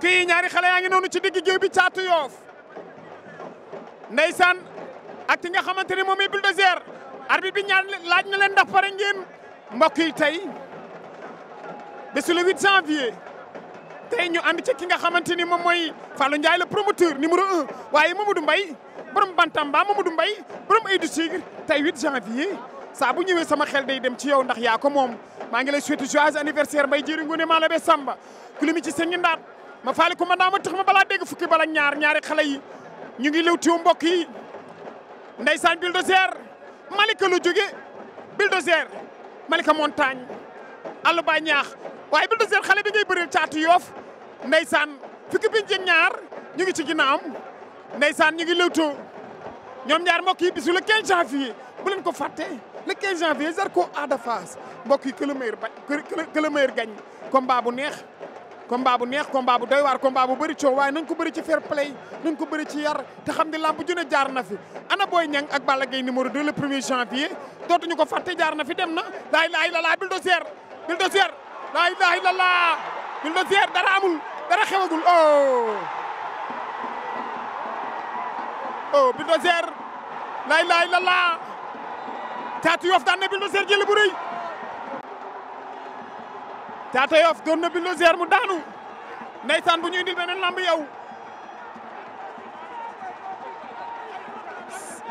kii ñaari xale yaa ngi noonu ci digg géew bi caatu yoof ndeysaan ak ki nga xamante ni moom i bulldozer arbitre bi ñaar laaj na leen ndax pare ngeen mbokk yi tey bésu le 8 janvier tey ñu ànd ci ki nga xamante ni moom mooy Fallou Ndiaye le promoteur numéro un waaye Mamadou Mbaye borom Bantamba Mamadou Mbaye borom ay du Tigre tey 8 janvier saa bu ñëwee sama xel day dem ci yow ndax yaa ko moom maa ngi lay souhaité joyeux anniversaire Mbaye Diéry maa Malobé Samba li mi ci seen ngi ma faale ko ma naa ma tax ma balaa dégg fukki bala ñaar ñaari xale yi ñu ngi lewtiwu mbokk yi ndeysaan bulldozer malika lu jóge bulldozer malika montagne allu ba ñaax waaye bulldozer xale bi ngay bëreel caatu yoof ndeysaan fukki biñ jeg ñaar ñu ngi ci ginnaawam ndeysaan ñu ngi lewtoo ñoom ñaar mbokk yi bisu le 15 janvier bu leen ko fàtte le 15 janvier Zarko Ada Fass mbokk yi que le meilleur ba que le meilleur gagne bu neex kon combat bu neex combat bu doy waar combat bu bëri coow waaye nañ ko bëri ci fair play nañ ko bëri ci yar te xam ni lamb ju jaar na fi ana Boy Niang ak Balla Gaye numéro 2 le premier janvier ñu ko fàtte jaar na fi dem na laa ilaaha illallaah bulldozer bulldozer laa ilaaha illallaah bulldozer dara amul dara xewagul oh oh bulldozer laa ilaaha illallaah Caatu Yoff daan na bulldozer jël bu rëy Caatu Yoff doon na Bulldozer mu daanu ndeysaan bu ñu indil beneen lamb yow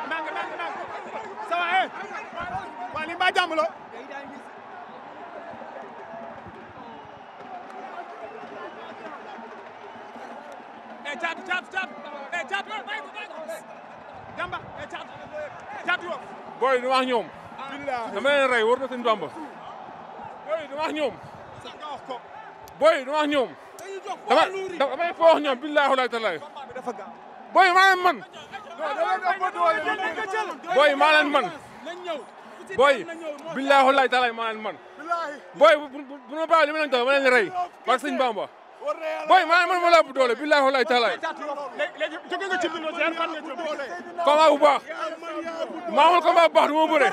ndànk ndànk ndànk ça va eh waa lii mbaa jàmm la eh Caatu Caatu Caatu eh Caatu rey war na seen booy du wax ñoom ah. booy dama wax ñoom. dama damay foo wax ñoom billaahi wallaahi tallaahi. booy maa leen man. booy maa leen man. man. booy bu bu bu ma baaxee ma leen doon ma leen di rey barke Sëñ Bamba. booy maa leen man ma la ëpp doole billaahi wallaahi tallaahi. léegi jóge nga ci biir fan bu baax. du ma bëre.